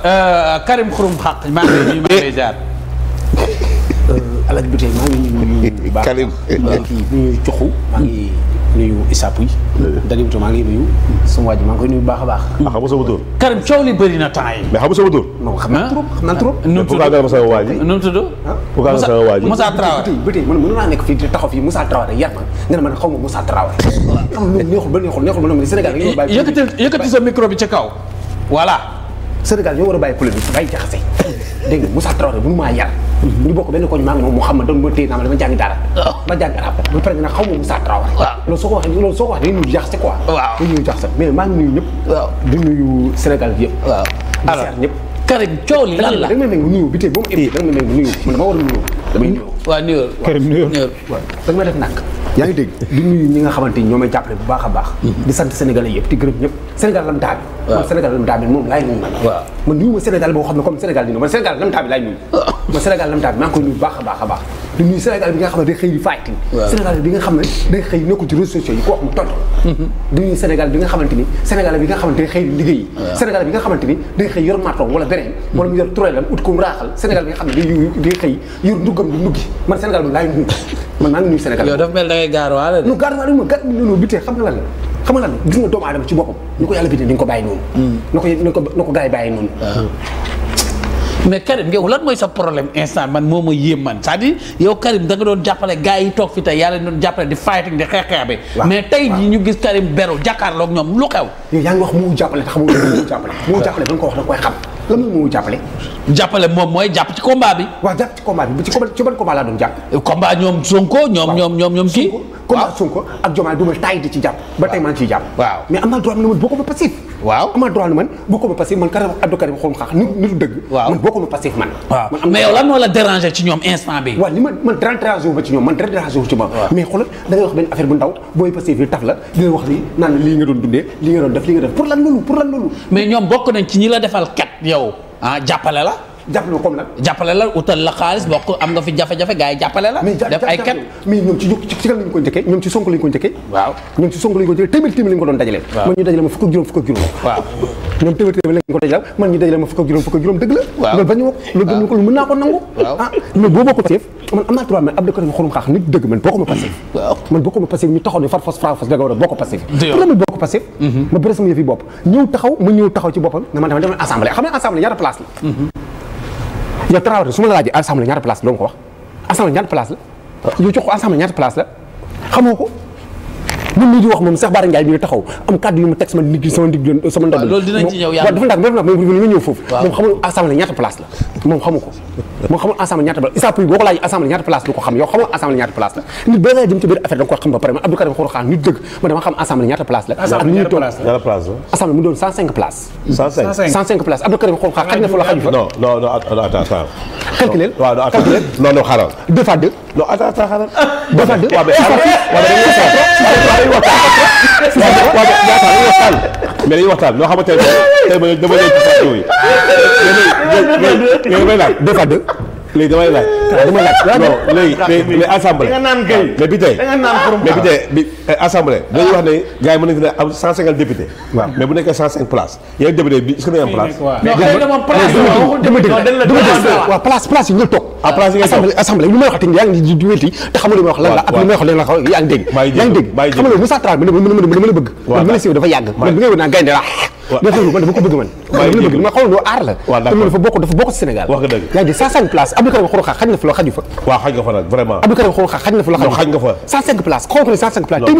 Euh, Karim Xurum Xaq maa ngi lay jaar. Euh, alaj bi tey maa ngi nuyu bu baax Karim nuyu Coxu maa ngi nuyu Issa Pouye. Dagibto maa ngi nuyu. sama waa ji maa ngi koy nuyu bu baax a baax. ah xam nga sama tur. Karim coow li bëri na temps yi. mais xam nga sama tur. non xam naa trop xam naa trop. Ah? nu mu tudd pourquoi nga sama waa ji. nu mu tudd. Ah? pourquoi nga sama waa ji Moussa Traoré. ba tey man mën naa nekk fii di taxaw fii Moussa Traoré yar ma nga ne man xaw ma Moussa Traoré. xam nga neexul ba neexul neexul ba noonu Sénégal yëkkati sa micro bi ca kaw voilà Sénégal ñoo war a bàyyi polémique bàyyi jaxase dégg nga Moussa Traoré mënu maa yar ñu bokk benn koñ maa ngi moom moo xam ma doon ma ba jàngi arab ba ma Moussa Traoré loolu soo ko waxee loolu soo ko waxee dañuy nuyu jaxase quoi waaw dañuy nuyu jaxase mais maa ngi nuyu ñëpp waaw di nuyu Sénégal bi yëpp waaw ñëpp Karim coow li lan la da nga may nuyu bi tey boo ma eh. da nga may nuyu dama war a nuyu damay nuyu waaw nuyu Karim nuyu yaa ngi dégg di nuyu ñi nga xamante ni ñoo may jàppale bu baax a baax mm-hmm. di sant sénégalais yëpp di gërëm ñëpp sénégal lam taa bi man sénégal lam taa bi moom laay nuyu man man nuyu ma sénégal boo xam ne comme sénégal ni man sénégal lam taa bi laay nuyu man sénégal lam taa maa ngi koy baax a baax a baax di nuyu Sénégal bi nga xam ne bi nga xam ne day xëy nekkul ci réseaux sociaux yi ko wax mu mm-hmm. bi nga xamante ni Sénégal bi nga xamante day xëy liggéey Sénégal bi nga xamante ni day xëy yor martoom wala beneen mm-hmm. wala mu yor tureelam ut ko raaxal Sénégal bi nga xam ne day day xëy yor man Sénégal bi laay nuyu man maa ngi nuyu Sénégal yow dafa mel da ngay gaarwaale non gaarwaale ma gar noonu bitee xam nga lan la xam nga lan la gis nga doomu aadama ci boppam ni ko yàlla bindee ni nga ko bàyyi noonu mm. na ko na bàyyi noonu mais Karim yow lan mooy sa problème instant man moo ma yéem man c'est-à-dire yow Karim da nga doon jàppale gars yi toog fi tey yaa leen doon jàppale di fighting di xeexeexe mais tey ji ñu gis Karim beru jàkkaarloog ñoom lu xew yow yaa ngi wax mu jàppale te xamul mu jàppale mu jàppale ba nga ko wax da koy xam la moom moo jàppale. jàppale moom mooy jàpp ci combat bi. waaw jàpp ci combat laa doon jàpp. combat ñoom Sonko ñoom ñoom ñoom combat Sonko ak Diomaye du ma taay di ci man bokkuma passif. waaw man mais yow lan la déranger ci ñoom instant bi. waaw li man déranger wu ci ñoom man déranger mais xoolal da wax benn affaire bu ndaw booy passif yi taf la di nga doon dundee lii nga doon def lii nga def pour lan loolu pour lan loolu. mais ñoom bokk yow ah jàppale la. jàppale comme lan. jàppale la utal la xaalis bokk am nga fi jafe-jafe gars jàppale la. def ay ket mais ñoom ci ci kan ko njëkkee ñoom ci Sonko lañ ko njëkkee. waaw ñoom ci Sonko lañ ko njëkkee téeméer téeméer lañ doon dajale. waaw ñu dajale ma fukk ak juróom fukk waaw ñoom téeméer téeméer lañ ko dajal man ñu dajale ma fukk juróom fukk juróom dëgg la loolu bañu lu mën naa ko nangu ah mais boo bokkul Pastef man am naa trois nit dëgg man bokkuma Pastef a ma bokk mhm. ma bëri sama yëf yi bopp ñëw taxaw ma ñëw taxaw ci boppam ne man dama dem assemblée xam ñaata place la mhm. yow Traoré su ma la laajee assemblée ñaata place la ah. xamoo ko ñun li ñu wax moom Cheikh Bara Ndiaye bi taxaw am kaddu yu mu teg sama ndig sama ndig sama ndodd la moom xamu ko moom xamul assemblée ñaata place Issa Pouye boo ko laaj assemblée ñaata place du ko dañuy waxtaan mais dañuy waxtaan loo xamante ne tey dama leen ci plateau yi. damay laaj deux fois deux léegi damay laaj. damay laaj non léegi mais assemblée mais bi tey mais bi tey bi. Eh, assemblée dañuy wax ne gars yi mën nañu fi ne am 150 députés. waaw mais bu nekkee 105 places yow député bi est-ce que dañuy am place. mais xëy na moom place la waaw place place yi ñu toog. ah place yi nga toog assemblée lu may wax yaa ngi di di wéti te xamul li may wax lan la ak li may wax lan la yaa ngi dégg. yaa ngi dégg xam nga Moussa Tra bi dama la bëgg. waaw mën a siiw dafa yàgg. man bi nga wër naa gaynde la waaw xam nga dama ko bëgg man. waaye dama bëgg ma xool loo aar la. waaw d'accord dafa bokk dafa bokk Sénégal. wax nga dëgg yaa ngi 105 places Abdou Karim Xrum Xax xaj na fa loo xaju fa. waaw xaj nga fa nag vraiment. Abdou Karim Xrum Xax xaj na fa loo xaju fa. xaj nga fa 105 places xool ko ne 105 places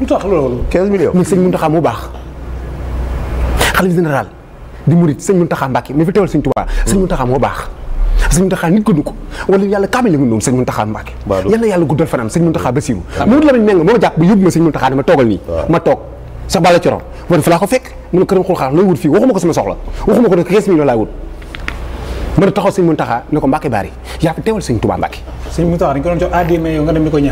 lu tax loolu. 15 millions baax sëñ Mountakha mu baax xalif général di murit sëñ Mountakha Mbacké mi fi teewal sëñ Tuubaa sëñ Mountakha moo baax. sëñ Mountakha nit ko du ko wala yàlla kaamil la mu noonu sëñ Mountakha Mbacké yàlla yàlla guddal fanam sëñ Mountakha Bassirou Mamadou Lamine Mbengue moo ma jàpp ba yóbbu ma sëñ Mountakha ne ma toogal nii ma toog sa bala coro wan fa laa ko fekk mu ne këram xul xaar looy wut fii waxuma ko sama soxla waxuma ko ne 15 millions laay wut ma ne taxaw sëñ Mountakha ne ko Mbacké Bari yaa fi teewal sëñ Tuubaa sëñ Moussa dañ ko doon jox addi mais yow nga dem di ko def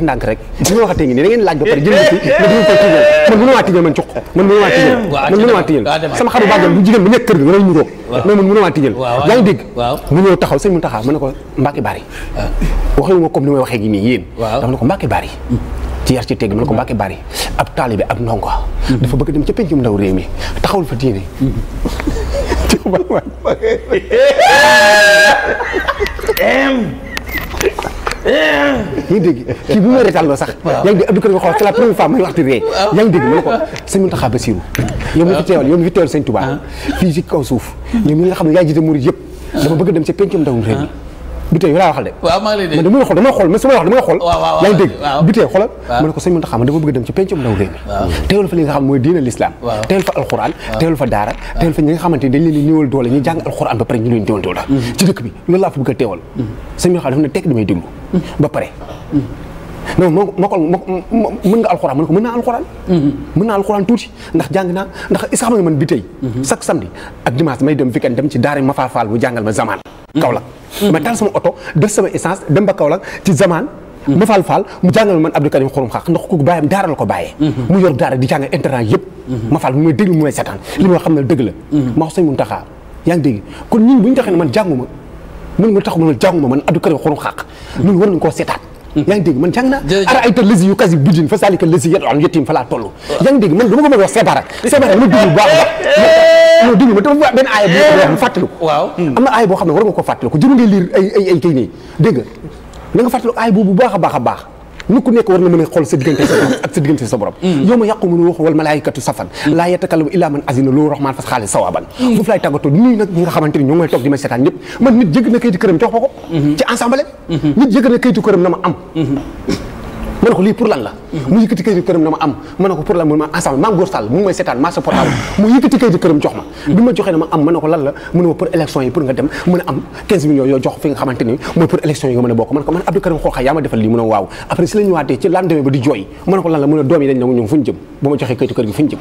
ndànk rek di nga waxatee ngi nii da laaj ba pare jënd ci nga dugal ko tijjal man mënu man cuq man mënu maa man mënu maa tijjal sama man mënu maa tijjal yaa ngi dégg mu ñëw ma ne ko Mbacke Bari waxewuma comme ni may waxee gi nii yéen dama ne ko Mbacke Bari ci yar ci tegg ma ne ko Mbacke Bari ab taalibe ab ndongo dafa bëgg dem ca pencum ndaw réew mi taxawul fa diine em yaa ngi dégg kii bi ma reetaan sax. waaw yaa ngi dégg Abdou Karim xool c'est la première fois may waxtu ree. waaw yaa ngi dégg ma ne ko sëñ Mountakha Bassirou. yow mi fi teewal yow mi fi teewal sëñ Touba. Ah. fii ci kaw suuf. ñoom ñi nga xam ne yaa jiite murid yëpp. dama bëgg dem ci pencum ndawum réew bi tey yu de waaw maa ngi lay xool dama la xool mais su ma xool yaa ngi dégg bi tey xoolal ma ne mooy diina l'islam teewal fa alquran teewal fa daara teewal fa doole ñu jàng alquran ba pare ñu mm. a teewal mm. sëñ mm. ba pare non moo moo mën nga alxuraan mën ko mën naa alxuraan mm-hmm. mën naa alxuraan tuuti ndax jàng naa ndax is xam nga man bi tey mm-hmm. chaque samedi ak dimanche may dem weekend dem ci daara ma faafaal mu jàngal ma zamaan Kaolack ma taal sama oto def sama essence dem ba Kaolack ci zamaan ma faal faal mu jàngal man Abdou Karim xurum xaq ndax ku bàyyam daara la ko bàyyee mhm. mu yor daara di jàngal internat yëpp mhm. ma faal mu may déglu mu may setaan mhm. li ma xam ne dëgg la ma wax sëñ Muntaxa yaa ngi dégg kon ñun bu ñu taxee ne man jànguma man mu tax man jànguma man Abdou Karim xurum xaq ñun war nañ koo seetaan yaa ngi dégg man jàng naa ara ay ta lësi yu kasi bidin fa salika lësi yet am yettim fa laa toll yaa ngi dégg man dama ko mën wax seebara ma déglu baax a baax ma dafa benn aaya boo xam ne fàttaliku waaw am na war nga ko fàttaliku jëru ngay liir ay ay ay kii nii dégg nga na nga fàttaliku aaya boobu baax a baax a nu ku nekk war nga mën a sa diggante sa borom ak sa diggante sa wal malaayikatu safan mm. laa yatakallamu illaa man azina loo rahman fas xaalis sawaban mm. foofu laay tàggatoo nii nag ñi nga xamante ni kayitu këram ko mm-hmm. ci ensemble mm-hmm. nit jëgg kayitu këram na ma am mm-hmm. ma ne ko lii pour lan la mu yëkkati këyitu këram na ma am ma ne ko pour lan la mu ne a ko lan la mu ne fu ñu jëm bu ma joxee kër gi fu ñu jëm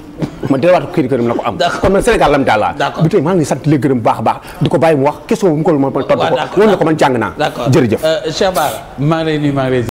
ma delluwaat këyitu këram la ko am kon man Sénégal lam daal laa tey maa ngi sant leen gërëm baax baax di ko bàyyi mu wax question mu ko ma tontu ko woon na ko man jàng naa jërëjëf euh,